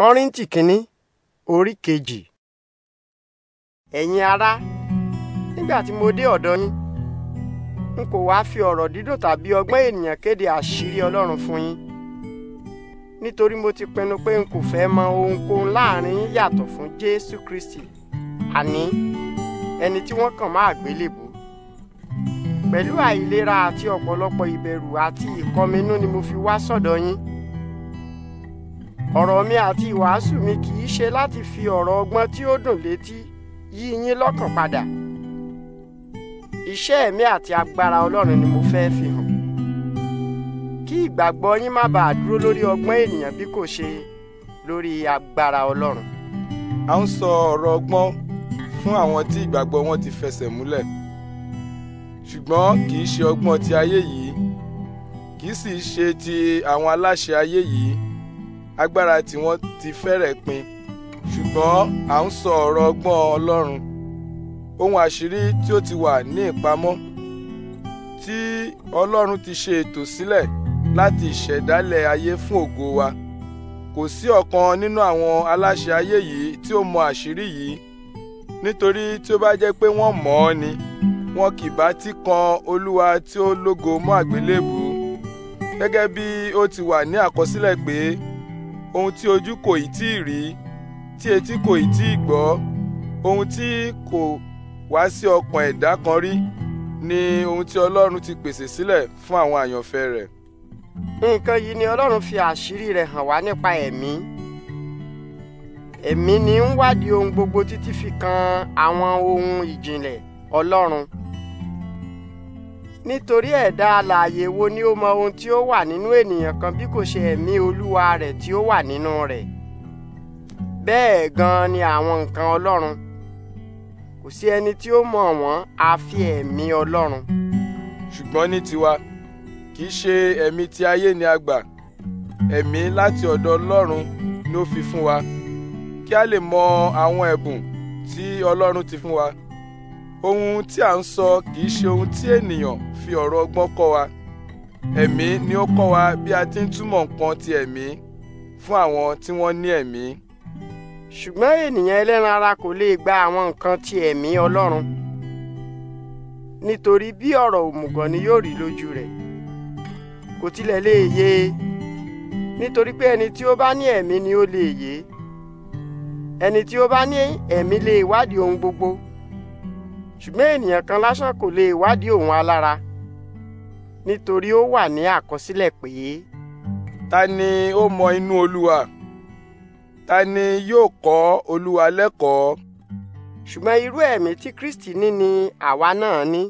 kọ́ríntì kínní orí kejì. ẹ̀yin ará nígbà tí mo dé ọ̀dọ̀ yín n kò wá fi ọ̀rọ̀ dídùn tàbí ọgbọ́n ènìyàn kéde àṣírí ọlọ́run fún yín nítorí mo ti pinnu pé n kò fẹ́ mọ ohunkóhun láàrin yín yàtọ̀ fún jésù kristi àní ẹni tí wọ́n kàn máa gbélébù pẹ̀lú àìlera àti ọ̀pọ̀lọpọ̀ ìbẹ̀rù àti ìkọminú ni mo fi wá sọ́dọ̀ yín ọ̀rọ̀ mi àti ìwàásù mi kì í ṣe láti fi ọ̀rọ̀ ọgbọ́n tí ó dùn létí yí yín lọ́kàn padà iṣẹ́ ẹ̀mí àti agbára Ọlọ́run ni mo fẹ́ fi hàn kí ìgbàgbọ́ yín má bàa dúró lórí ọgbọ́n ènìyàn bí kò ṣe lórí agbára Ọlọ́run. a ń sọ ọ̀rọ̀ ọgbọ́n fún àwọn tí ìgbàgbọ́ wọn ti fẹsẹ̀ múlẹ̀ ṣùgbọ́n kì í ṣe ọgbọ́n ti ayé yìí kì í sì ṣe ti àwọn aláṣẹ ayé yìí agbára tiwọn ti fẹ́rẹ̀ pin ṣùgbọ́n à ń sọ ọ̀rọ̀ ọgbọ́n Ọlọ́run ohun àṣírí tí ó ti wà ní ìpamọ́ tí Ọlọ́run ti ṣe ètò sílẹ̀ láti ìṣẹ̀dálẹ̀ ayé fún ògo wa kò sí ọ̀kan nínú àwọn aláṣẹ ayé yìí tí ó mọ àṣírí yìí nítorí tí ó bá jẹ́ pé wọ́n mọ̀ ọ́ ni wọn kì bá ti kan Olúwa tí ó lógo mọ́ àgbélébùú gẹ́gẹ́ bí ó ti wà ní àkọsílẹ̀ pé ohun tí ojú kò ì tí ì rí tí etí kò ì tí ì gbọ́ ohun tí kò wá sí ọkàn ẹ̀dá kan rí ni ohun tí Ọlọ́run ti pèsè sílẹ̀ fún àwọn àyànfẹ́ rẹ̀. nǹkan yìí ni Ọlọ́run fi àṣírí rẹ̀ hàn wá nípa ẹ̀mí ẹ̀mí ni ń wádìí ohun gbogbo títí fi kan àwọn ohun ìjìnlẹ̀ Ọlọ́run nítorí ẹ̀dá alààyè wo ni ó mọ ohun tí ó wà nínú ènìyàn kan bí kò ṣe ẹ̀mí olúwa rẹ̀ tí ó wà nínú rẹ̀ bẹ́ẹ̀ gan-an ni àwọn nǹkan ọlọ́run kò sí ẹni tí ó mọ̀ wọ́n àfi ẹ̀mí ọlọ́run. ṣùgbọ́n ní tiwa kì í ṣe ẹ̀mí ti ayé ni a gbà ẹ̀mí láti ọ̀dọ̀ ọlọ́run ni ó fi fún wa kí a lè mọ àwọn ẹ̀bùn tí ọlọ́run ti fún wa ohun tí à ń sọ kìí ṣe ohun tí ènìyàn fi ọ̀rọ̀ ọgbọ́n kọ́ wa ẹ̀mí ni ó kọ́ wa bí a ti ń túmọ̀ nǹkan ti ẹ̀mí fún àwọn tí wọ́n ní ẹ̀mí. ṣùgbọ́n ènìyàn ẹlẹ́ran ara kò lè gba àwọn nǹkan ti ẹ̀mí Ọlọ́run nítorí bí ọ̀rọ̀ òmùgọ̀ ni yóò rí lójú rẹ̀ kò tilẹ̀ lè yé e nítorí pé ẹni tí ó bá ní ẹ̀mí ni ó lè yé ẹni tí ó bá ní ẹ̀mí lè wádìí ohun gbogbo ṣùgbọ́n ènìyàn kan lásán kò lè wádìí òun alára nítorí ó wà ní àkọsílẹ̀ pé. ta ni ó mọ inú olúwa ta ni yóò kọ́ olúwa lẹ́kọ̀ọ́. ṣùgbọ́n irú ẹ̀mí tí kristi ní ni àwa náà ní.